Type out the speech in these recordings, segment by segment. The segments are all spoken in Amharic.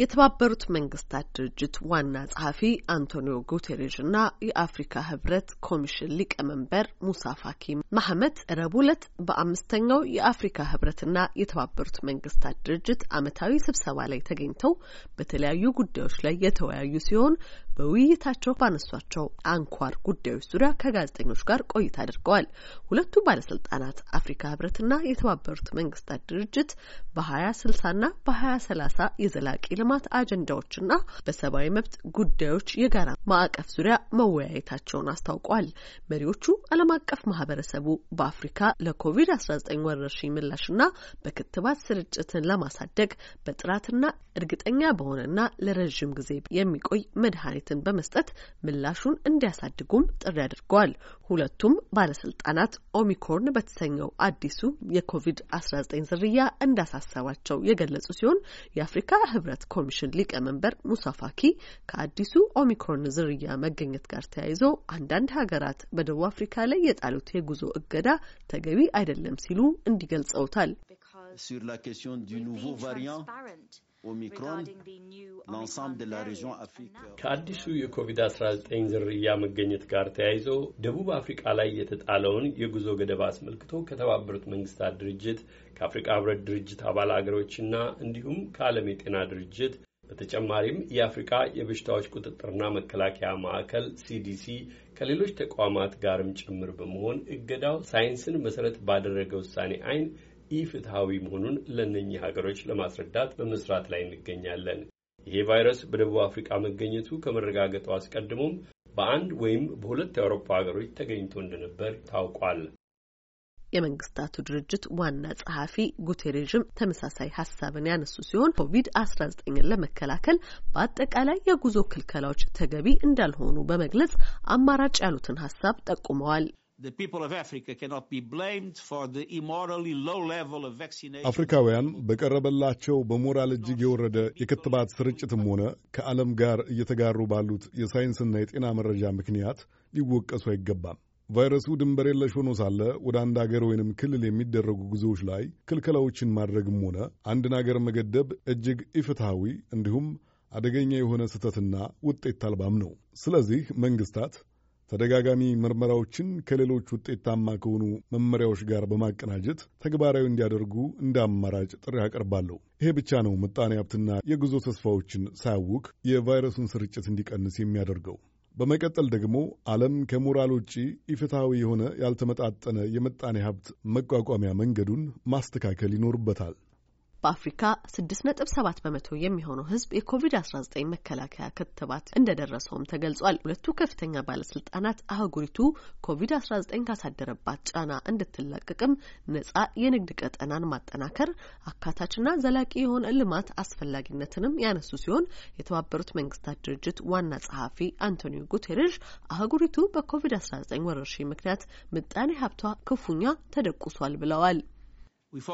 የተባበሩት መንግስታት ድርጅት ዋና ጸሐፊ አንቶኒዮ ጉቴሬዥ እና የአፍሪካ ህብረት ኮሚሽን ሊቀመንበር ሙሳ ፋኪ ማህመት ረቡዕ ዕለት በአምስተኛው የአፍሪካ ህብረትና የተባበሩት መንግስታት ድርጅት አመታዊ ስብሰባ ላይ ተገኝተው በተለያዩ ጉዳዮች ላይ የተወያዩ ሲሆን በውይይታቸው ባነሷቸው አንኳር ጉዳዮች ዙሪያ ከጋዜጠኞች ጋር ቆይታ አድርገዋል። ሁለቱ ባለስልጣናት አፍሪካ ህብረትና የተባበሩት መንግስታት ድርጅት በሀያ ስልሳና በሀያ ሰላሳ የዘላቂ ልማት አጀንዳዎችና በሰብአዊ መብት ጉዳዮች የጋራ ማዕቀፍ ዙሪያ መወያየታቸውን አስታውቋል። መሪዎቹ ዓለም አቀፍ ማህበረሰቡ በአፍሪካ ለኮቪድ-19 ወረርሽኝ ምላሽና በክትባት ስርጭትን ለማሳደግ በጥራትና እርግጠኛ በሆነና ለረዥም ጊዜ የሚቆይ መድኃኒት አስተያየትን በመስጠት ምላሹን እንዲያሳድጉም ጥሪ አድርገዋል። ሁለቱም ባለስልጣናት ኦሚክሮን በተሰኘው አዲሱ የኮቪድ-19 ዝርያ እንዳሳሰባቸው የገለጹ ሲሆን የአፍሪካ ህብረት ኮሚሽን ሊቀመንበር ሙሳፋኪ ከአዲሱ ኦሚክሮን ዝርያ መገኘት ጋር ተያይዞ አንዳንድ ሀገራት በደቡብ አፍሪካ ላይ የጣሉት የጉዞ እገዳ ተገቢ አይደለም ሲሉ እንዲገልጸውታል። ኦሚክሮን ለአንሳምብ ደ ላ አፍሪካ ከአዲሱ የኮቪድ-19 ዝርያ መገኘት ጋር ተያይዞ ደቡብ አፍሪቃ ላይ የተጣለውን የጉዞ ገደብ አስመልክቶ ከተባበሩት መንግስታት ድርጅት ከአፍሪቃ ህብረት ድርጅት አባል አገሮችና እንዲሁም ከዓለም የጤና ድርጅት በተጨማሪም የአፍሪካ የበሽታዎች ቁጥጥርና መከላከያ ማዕከል ሲዲሲ ከሌሎች ተቋማት ጋርም ጭምር በመሆን እገዳው ሳይንስን መሰረት ባደረገ ውሳኔ አይን ኢፍትሐዊ መሆኑን ለእነኚህ ሀገሮች ለማስረዳት በመስራት ላይ እንገኛለን። ይሄ ቫይረስ በደቡብ አፍሪካ መገኘቱ ከመረጋገጡ አስቀድሞም በአንድ ወይም በሁለት የአውሮፓ ሀገሮች ተገኝቶ እንደነበር ታውቋል። የመንግስታቱ ድርጅት ዋና ጸሐፊ ጉቴሬዥም ተመሳሳይ ሀሳብን ያነሱ ሲሆን ኮቪድ አስራ ዘጠኝን ለመከላከል በአጠቃላይ የጉዞ ክልከላዎች ተገቢ እንዳልሆኑ በመግለጽ አማራጭ ያሉትን ሀሳብ ጠቁመዋል። አፍሪካውያን በቀረበላቸው በሞራል እጅግ የወረደ የክትባት ስርጭትም ሆነ ከዓለም ጋር እየተጋሩ ባሉት የሳይንስና የጤና መረጃ ምክንያት ሊወቀሱ አይገባም። ቫይረሱ ድንበር የለሽ ሆኖ ሳለ ወደ አንድ አገር ወይንም ክልል የሚደረጉ ጉዞዎች ላይ ክልከላዎችን ማድረግም ሆነ አንድን አገር መገደብ እጅግ ኢፍትሐዊ እንዲሁም አደገኛ የሆነ ስህተትና ውጤት አልባም ነው። ስለዚህ መንግስታት ተደጋጋሚ ምርመራዎችን ከሌሎች ውጤታማ ከሆኑ መመሪያዎች ጋር በማቀናጀት ተግባራዊ እንዲያደርጉ እንደ አማራጭ ጥሪ አቀርባለሁ። ይሄ ብቻ ነው ምጣኔ ሀብትና የጉዞ ተስፋዎችን ሳያውክ የቫይረሱን ስርጭት እንዲቀንስ የሚያደርገው። በመቀጠል ደግሞ ዓለም ከሞራል ውጪ ኢፍትሐዊ የሆነ ያልተመጣጠነ የምጣኔ ሀብት መቋቋሚያ መንገዱን ማስተካከል ይኖርበታል። በአፍሪካ 6.7 በመቶ የሚሆነው ሕዝብ የኮቪድ-19 መከላከያ ክትባት እንደደረሰውም ተገልጿል። ሁለቱ ከፍተኛ ባለስልጣናት አህጉሪቱ ኮቪድ-19 ካሳደረባት ጫና እንድትላቀቅም ነጻ የንግድ ቀጠናን ማጠናከር፣ አካታችና ዘላቂ የሆነ ልማት አስፈላጊነትንም ያነሱ ሲሆን የተባበሩት መንግስታት ድርጅት ዋና ጸሐፊ አንቶኒዮ ጉቴሬሽ አህጉሪቱ በኮቪድ-19 ወረርሽኝ ምክንያት ምጣኔ ሀብቷ ክፉኛ ተደቁሷል ብለዋል። ይህ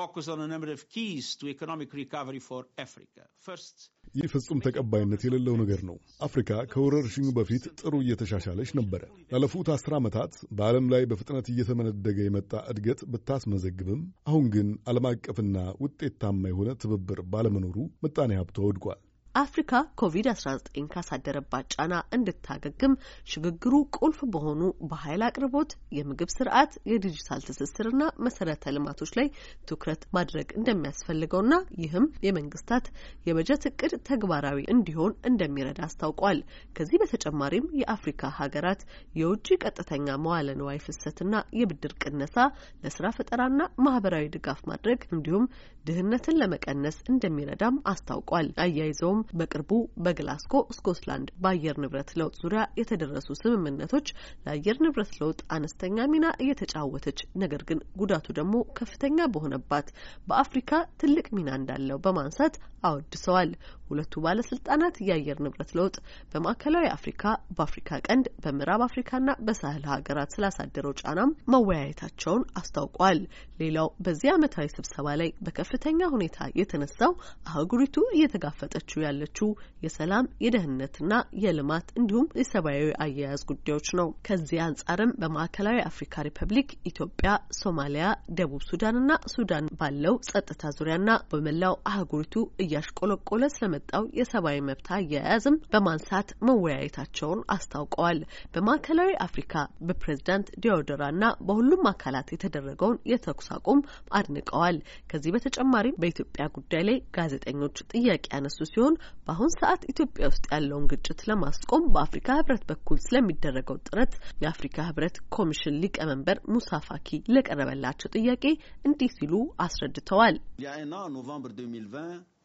ፍጹም ተቀባይነት የሌለው ነገር ነው። አፍሪካ ከወረርሽኙ በፊት ጥሩ እየተሻሻለች ነበረ። ላለፉት አስር ዓመታት በዓለም ላይ በፍጥነት እየተመነደገ የመጣ እድገት ብታስመዘግብም አሁን ግን ዓለም አቀፍና ውጤታማ የሆነ ትብብር ባለመኖሩ ምጣኔ ሀብቶ ወድቋል። አፍሪካ ኮቪድ-19 ካሳደረባት ጫና እንድታገግም ሽግግሩ ቁልፍ በሆኑ በኃይል አቅርቦት፣ የምግብ ስርዓት፣ የዲጂታል ትስስርና መሰረተ ልማቶች ላይ ትኩረት ማድረግ እንደሚያስፈልገውና ይህም የመንግስታት የበጀት እቅድ ተግባራዊ እንዲሆን እንደሚረዳ አስታውቋል። ከዚህ በተጨማሪም የአፍሪካ ሀገራት የውጭ ቀጥተኛ መዋለ ንዋይ ፍሰትና የብድር ቅነሳ ለስራ ፈጠራና ማህበራዊ ድጋፍ ማድረግ እንዲሁም ድህነትን ለመቀነስ እንደሚረዳም አስታውቋል። አያይዘውም ሆኖም በቅርቡ በግላስኮ ስኮትላንድ በአየር ንብረት ለውጥ ዙሪያ የተደረሱ ስምምነቶች ለአየር ንብረት ለውጥ አነስተኛ ሚና እየተጫወተች ነገር ግን ጉዳቱ ደግሞ ከፍተኛ በሆነባት በአፍሪካ ትልቅ ሚና እንዳለው በማንሳት አወድሰዋል። ሁለቱ ባለስልጣናት የአየር ንብረት ለውጥ በማዕከላዊ አፍሪካ፣ በአፍሪካ ቀንድ፣ በምዕራብ አፍሪካና በሳህል ሀገራት ስላሳደረው ጫናም መወያየታቸውን አስታውቋል። ሌላው በዚህ ዓመታዊ ስብሰባ ላይ በከፍተኛ ሁኔታ የተነሳው አህጉሪቱ እየተጋፈጠችው ያለችው የሰላም የደህንነትና የልማት እንዲሁም የሰብአዊ አያያዝ ጉዳዮች ነው። ከዚህ አንጻርም በማዕከላዊ አፍሪካ ሪፐብሊክ፣ ኢትዮጵያ፣ ሶማሊያ፣ ደቡብ ሱዳንና ሱዳን ባለው ጸጥታ ዙሪያና በመላው አህጉሪቱ እያሽቆለቆለ ስለመ ስለመጣው የሰብአዊ መብት አያያዝም በማንሳት መወያየታቸውን አስታውቀዋል። በማዕከላዊ አፍሪካ በፕሬዝዳንት ዲዮዶራና በሁሉም አካላት የተደረገውን የተኩስ አቁም አድንቀዋል። ከዚህ በተጨማሪም በኢትዮጵያ ጉዳይ ላይ ጋዜጠኞች ጥያቄ ያነሱ ሲሆን በአሁን ሰዓት ኢትዮጵያ ውስጥ ያለውን ግጭት ለማስቆም በአፍሪካ ህብረት በኩል ስለሚደረገው ጥረት የአፍሪካ ህብረት ኮሚሽን ሊቀመንበር ሙሳ ፋኪ ለቀረበላቸው ጥያቄ እንዲህ ሲሉ አስረድተዋል።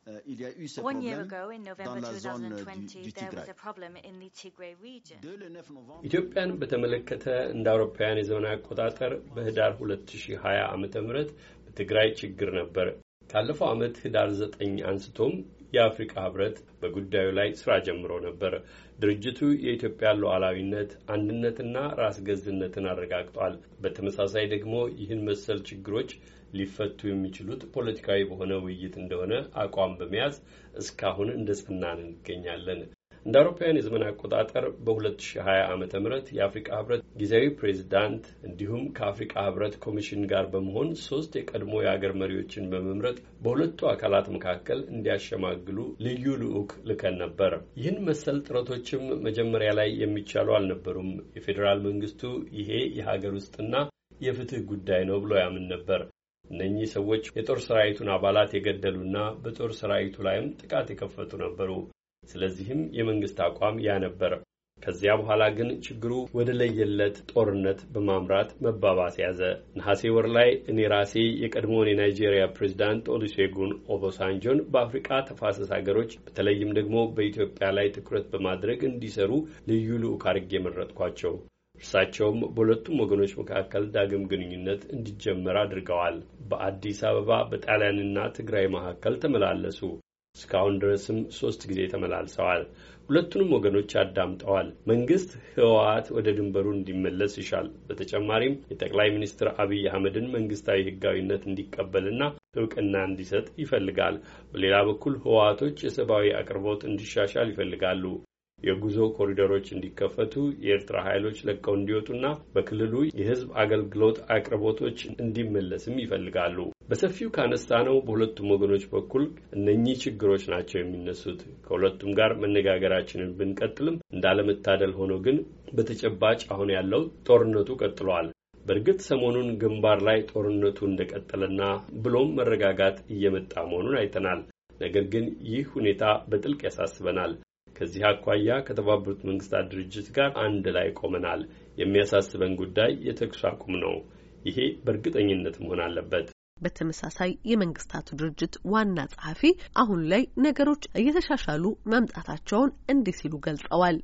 Euh, il y a eu ce One dans la zone du, du Tigray. ኢትዮጵያን በተመለከተ እንደ አውሮፓውያን የዘመን አቆጣጠር በህዳር 2020 ዓ ም በትግራይ ችግር ነበር። ካለፈው ዓመት ህዳር 9 አንስቶም የአፍሪካ ህብረት በጉዳዩ ላይ ስራ ጀምሮ ነበር። ድርጅቱ የኢትዮጵያን ሉዓላዊነት አንድነትና ራስ ገዝነትን አረጋግጧል። በተመሳሳይ ደግሞ ይህን መሰል ችግሮች ሊፈቱ የሚችሉት ፖለቲካዊ በሆነ ውይይት እንደሆነ አቋም በመያዝ እስካሁን እንደ እንገኛለን። እንደ አውሮፓውያን የዘመን አቆጣጠር በ2020 ዓ ም የአፍሪቃ ህብረት ጊዜያዊ ፕሬዚዳንት እንዲሁም ከአፍሪቃ ህብረት ኮሚሽን ጋር በመሆን ሶስት የቀድሞ የአገር መሪዎችን በመምረጥ በሁለቱ አካላት መካከል እንዲያሸማግሉ ልዩ ልዑክ ልከን ነበር። ይህን መሰል ጥረቶችም መጀመሪያ ላይ የሚቻሉ አልነበሩም። የፌዴራል መንግስቱ ይሄ የሀገር ውስጥና የፍትህ ጉዳይ ነው ብሎ ያምን ነበር። እነኚህ ሰዎች የጦር ሰራዊቱን አባላት የገደሉና በጦር ሰራዊቱ ላይም ጥቃት የከፈቱ ነበሩ። ስለዚህም የመንግስት አቋም ያ ነበር። ከዚያ በኋላ ግን ችግሩ ወደ ለየለት ጦርነት በማምራት መባባስ ያዘ። ነሐሴ ወር ላይ እኔ ራሴ የቀድሞውን የናይጄሪያ ፕሬዚዳንት ኦሉሴጉን ኦቦሳንጆን በአፍሪቃ ተፋሰስ ሀገሮች በተለይም ደግሞ በኢትዮጵያ ላይ ትኩረት በማድረግ እንዲሰሩ ልዩ ልዑክ አድርጌ የመረጥኳቸው እርሳቸውም በሁለቱም ወገኖች መካከል ዳግም ግንኙነት እንዲጀመር አድርገዋል። በአዲስ አበባ በጣሊያንና ትግራይ መካከል ተመላለሱ። እስካሁን ድረስም ሶስት ጊዜ ተመላልሰዋል። ሁለቱንም ወገኖች አዳምጠዋል። መንግስት ህወሓት ወደ ድንበሩ እንዲመለስ ይሻል። በተጨማሪም የጠቅላይ ሚኒስትር አብይ አህመድን መንግስታዊ ህጋዊነት እንዲቀበልና እውቅና እንዲሰጥ ይፈልጋል። በሌላ በኩል ህወሓቶች የሰብአዊ አቅርቦት እንዲሻሻል ይፈልጋሉ። የጉዞ ኮሪደሮች እንዲከፈቱ፣ የኤርትራ ኃይሎች ለቀው እንዲወጡና በክልሉ የሕዝብ አገልግሎት አቅርቦቶች እንዲመለስም ይፈልጋሉ። በሰፊው ካነሳነው በሁለቱም ወገኖች በኩል እነኚህ ችግሮች ናቸው የሚነሱት። ከሁለቱም ጋር መነጋገራችንን ብንቀጥልም እንዳለመታደል ሆኖ ግን በተጨባጭ አሁን ያለው ጦርነቱ ቀጥሏል። በእርግጥ ሰሞኑን ግንባር ላይ ጦርነቱ እንደቀጠለና ብሎም መረጋጋት እየመጣ መሆኑን አይተናል። ነገር ግን ይህ ሁኔታ በጥልቅ ያሳስበናል። ከዚህ አኳያ ከተባበሩት መንግስታት ድርጅት ጋር አንድ ላይ ቆመናል። የሚያሳስበን ጉዳይ የተኩስ አቁም ነው። ይሄ በእርግጠኝነት መሆን አለበት። በተመሳሳይ የመንግስታቱ ድርጅት ዋና ጸሐፊ አሁን ላይ ነገሮች እየተሻሻሉ መምጣታቸውን እንዲህ ሲሉ ገልጸዋል።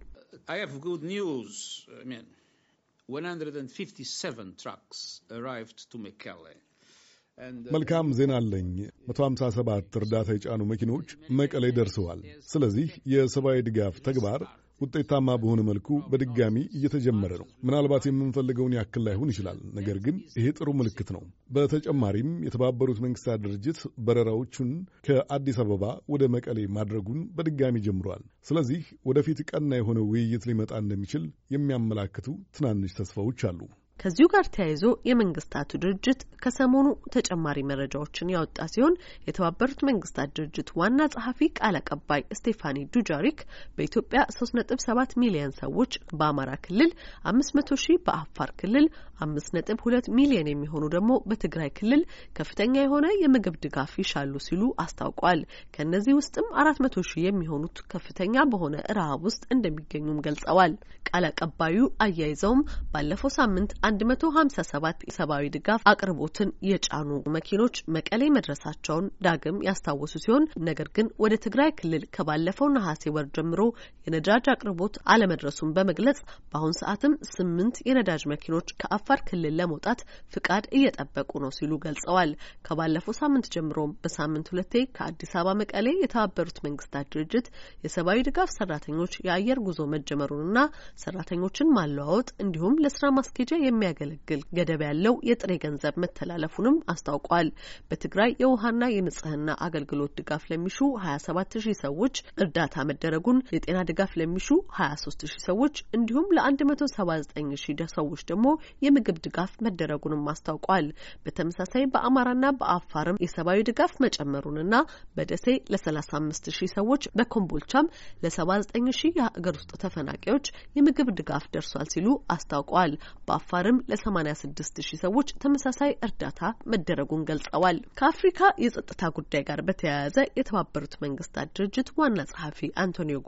መልካም ዜና አለኝ። 157 እርዳታ የጫኑ መኪኖች መቀሌ ደርሰዋል። ስለዚህ የሰብአዊ ድጋፍ ተግባር ውጤታማ በሆነ መልኩ በድጋሚ እየተጀመረ ነው። ምናልባት የምንፈልገውን ያክል ላይሆን ይችላል፣ ነገር ግን ይሄ ጥሩ ምልክት ነው። በተጨማሪም የተባበሩት መንግስታት ድርጅት በረራዎቹን ከአዲስ አበባ ወደ መቀሌ ማድረጉን በድጋሚ ጀምሯል። ስለዚህ ወደፊት ቀና የሆነ ውይይት ሊመጣ እንደሚችል የሚያመላክቱ ትናንሽ ተስፋዎች አሉ። ከዚሁ ጋር ተያይዞ የመንግስታቱ ድርጅት ከሰሞኑ ተጨማሪ መረጃዎችን ያወጣ ሲሆን የተባበሩት መንግስታት ድርጅት ዋና ጸሐፊ ቃል አቀባይ ስቴፋኒ ዱጃሪክ በኢትዮጵያ 3.7 ሚሊዮን ሰዎች፣ በአማራ ክልል 500 ሺህ፣ በአፋር ክልል 5.2 ሚሊዮን የሚሆኑ ደግሞ በትግራይ ክልል ከፍተኛ የሆነ የምግብ ድጋፍ ይሻሉ ሲሉ አስታውቋል። ከእነዚህ ውስጥም 400 ሺህ የሚሆኑት ከፍተኛ በሆነ ረሃብ ውስጥ እንደሚገኙም ገልጸዋል። ቃል አቀባዩ አያይዘውም ባለፈው ሳምንት 157 የሰብአዊ ድጋፍ አቅርቦትን የጫኑ መኪኖች መቀሌ መድረሳቸውን ዳግም ያስታወሱ ሲሆን ነገር ግን ወደ ትግራይ ክልል ከባለፈው ነሐሴ ወር ጀምሮ የነዳጅ አቅርቦት አለመድረሱን በመግለጽ በአሁን ሰዓትም ስምንት የነዳጅ መኪኖች ከአፋር ክልል ለመውጣት ፍቃድ እየጠበቁ ነው ሲሉ ገልጸዋል። ከባለፈው ሳምንት ጀምሮም በሳምንት ሁለቴ ከአዲስ አበባ መቀሌ የተባበሩት መንግስታት ድርጅት የሰብአዊ ድጋፍ ሰራተኞች የአየር ጉዞ መጀመሩንና ሰራተኞችን ማለዋወጥ እንዲሁም ለስራ ማስኬጃ የሚያገለግል ገደብ ያለው የጥሬ ገንዘብ መተላለፉንም አስታውቋል። በትግራይ የውሃና የንጽህና አገልግሎት ድጋፍ ለሚሹ 27 ሺህ ሰዎች እርዳታ መደረጉን፣ የጤና ድጋፍ ለሚሹ 23 ሺህ ሰዎች እንዲሁም ለ179 ሺህ ሰዎች ደግሞ የምግብ ድጋፍ መደረጉንም አስታውቋል። በተመሳሳይ በአማራና በአፋርም የሰብአዊ ድጋፍ መጨመሩንና በደሴ ለ35 ሺህ ሰዎች በኮምቦልቻም ለ79 ሺህ የሀገር ውስጥ ተፈናቃዮች የምግብ ድጋፍ ደርሷል ሲሉ አስታውቋል። በአፋር አንጻርም ለ86 ሺህ ሰዎች ተመሳሳይ እርዳታ መደረጉን ገልጸዋል። ከአፍሪካ የጸጥታ ጉዳይ ጋር በተያያዘ የተባበሩት መንግስታት ድርጅት ዋና ጸሐፊ አንቶኒዮ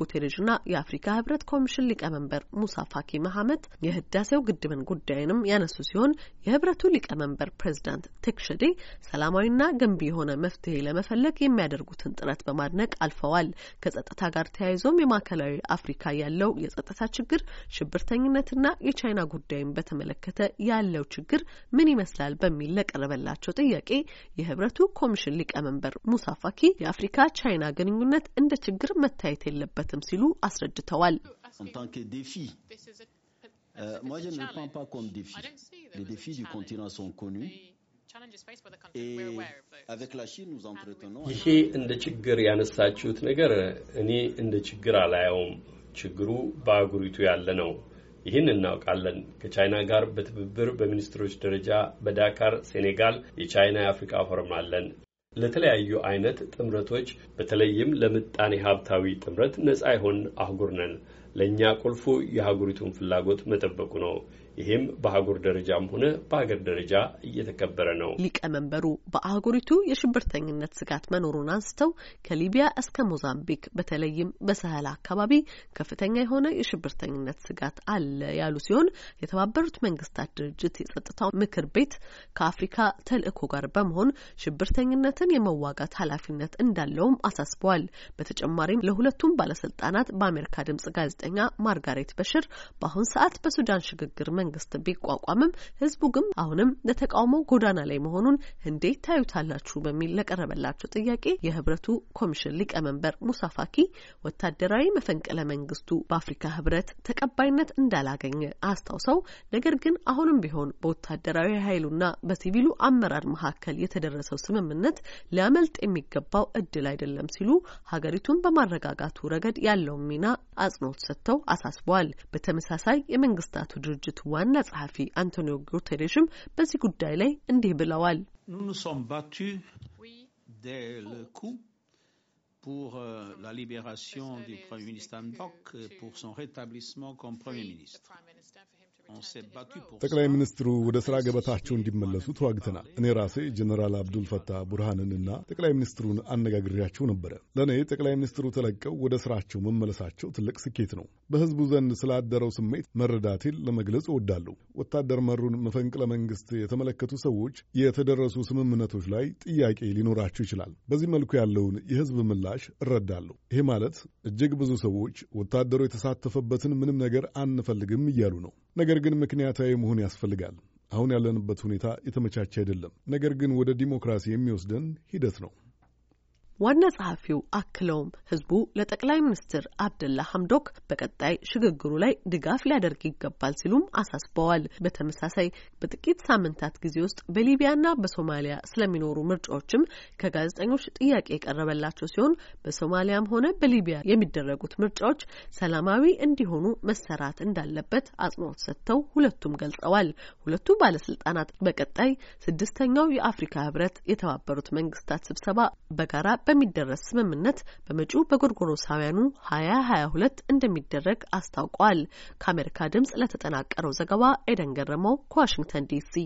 እና የአፍሪካ ህብረት ኮሚሽን ሊቀመንበር ሙሳ ፋኪ መሐመት የህዳሴው ግድብን ጉዳይንም ያነሱ ሲሆን የህብረቱ ሊቀመንበር ፕሬዚዳንት ቴክሸዴ ሰላማዊና ገንቢ የሆነ መፍትሄ ለመፈለግ የሚያደርጉትን ጥረት በማድነቅ አልፈዋል። ከጸጥታ ጋር ተያይዞም የማዕከላዊ አፍሪካ ያለው የጸጥታ ችግር ሽብርተኝነትና የቻይና ጉዳይን በተመለከተ በተመለከተ ያለው ችግር ምን ይመስላል በሚል ለቀረበላቸው ጥያቄ የህብረቱ ኮሚሽን ሊቀመንበር ሙሳ ፋኪ የአፍሪካ ቻይና ግንኙነት እንደ ችግር መታየት የለበትም ሲሉ አስረድተዋል። euh, ይሄ እንደ ችግር ያነሳችሁት ነገር እኔ እንደ ችግር አላየውም። ችግሩ በአህጉሪቱ ያለ ነው። ይህን እናውቃለን። ከቻይና ጋር በትብብር በሚኒስትሮች ደረጃ በዳካር ሴኔጋል የቻይና የአፍሪካ ፎረም አለን። ለተለያዩ አይነት ጥምረቶች በተለይም ለምጣኔ ሀብታዊ ጥምረት ነፃ የሆን አህጉር ነን። ለእኛ ቁልፉ የአህጉሪቱን ፍላጎት መጠበቁ ነው። ይህም በአህጉር ደረጃም ሆነ በሀገር ደረጃ እየተከበረ ነው። ሊቀመንበሩ በአህጉሪቱ የሽብርተኝነት ስጋት መኖሩን አንስተው ከሊቢያ እስከ ሞዛምቢክ በተለይም በሰህል አካባቢ ከፍተኛ የሆነ የሽብርተኝነት ስጋት አለ ያሉ ሲሆን የተባበሩት መንግስታት ድርጅት የጸጥታው ምክር ቤት ከአፍሪካ ተልእኮ ጋር በመሆን ሽብርተኝነትን የመዋጋት ኃላፊነት እንዳለውም አሳስበዋል። በተጨማሪም ለሁለቱም ባለስልጣናት በአሜሪካ ድምጽ ጋዜጠኛ ማርጋሬት በሽር በአሁን ሰዓት በሱዳን ሽግግር መንግስት ቢቋቋምም ህዝቡ ግን አሁንም ለተቃውሞ ጎዳና ላይ መሆኑን እንዴት ታዩታላችሁ በሚል ለቀረበላቸው ጥያቄ የህብረቱ ኮሚሽን ሊቀመንበር ሙሳ ፋኪ ወታደራዊ መፈንቅለ መንግስቱ በአፍሪካ ህብረት ተቀባይነት እንዳላገኘ አስታውሰው ነገር ግን አሁንም ቢሆን በወታደራዊ ኃይሉና በሲቪሉ አመራር መካከል የተደረሰው ስምምነት ሊያመልጥ የሚገባው እድል አይደለም ሲሉ ሀገሪቱን በማረጋጋቱ ረገድ ያለውን ሚና አጽንኦት ሰጥተው አሳስበዋል። በተመሳሳይ የመንግስታቱ ድርጅት Nous nous sommes battus dès le coup pour euh, la libération du Premier ministre Mbok, euh, pour son rétablissement comme Premier ministre. ጠቅላይ ሚኒስትሩ ወደ ሥራ ገበታቸው እንዲመለሱ ተዋግተናል። እኔ ራሴ ጀኔራል አብዱል ቡርሃንን ቡርሃንንና ጠቅላይ ሚኒስትሩን አነጋግሬያቸው ነበረ። ለእኔ ጠቅላይ ሚኒስትሩ ተለቀው ወደ ሥራቸው መመለሳቸው ትልቅ ስኬት ነው። በሕዝቡ ዘንድ ስላደረው ስሜት መረዳቴን ለመግለጽ እወዳለሁ። ወታደር መሩን መፈንቅለ መንግሥት የተመለከቱ ሰዎች የተደረሱ ስምምነቶች ላይ ጥያቄ ሊኖራቸው ይችላል። በዚህ መልኩ ያለውን የሕዝብ ምላሽ እረዳለሁ። ይሄ ማለት እጅግ ብዙ ሰዎች ወታደሩ የተሳተፈበትን ምንም ነገር አንፈልግም እያሉ ነው። ነገር ግን ምክንያታዊ መሆን ያስፈልጋል። አሁን ያለንበት ሁኔታ የተመቻቸ አይደለም። ነገር ግን ወደ ዲሞክራሲ የሚወስደን ሂደት ነው። ዋና ጸሐፊው አክለውም ህዝቡ ለጠቅላይ ሚኒስትር አብደላ ሀምዶክ በቀጣይ ሽግግሩ ላይ ድጋፍ ሊያደርግ ይገባል ሲሉም አሳስበዋል። በተመሳሳይ በጥቂት ሳምንታት ጊዜ ውስጥ በሊቢያና በሶማሊያ ስለሚኖሩ ምርጫዎችም ከጋዜጠኞች ጥያቄ የቀረበላቸው ሲሆን በሶማሊያም ሆነ በሊቢያ የሚደረጉት ምርጫዎች ሰላማዊ እንዲሆኑ መሰራት እንዳለበት አጽንኦት ሰጥተው ሁለቱም ገልጸዋል። ሁለቱ ባለስልጣናት በቀጣይ ስድስተኛው የአፍሪካ ህብረት የተባበሩት መንግስታት ስብሰባ በጋራ በሚደረስ ስምምነት በመጪው በጎርጎሮሳውያኑ ሀያ ሀያ ሁለት እንደሚደረግ አስታውቋል። ከአሜሪካ ድምጽ ለተጠናቀረው ዘገባ ኤደን ገረመው ከዋሽንግተን ዲሲ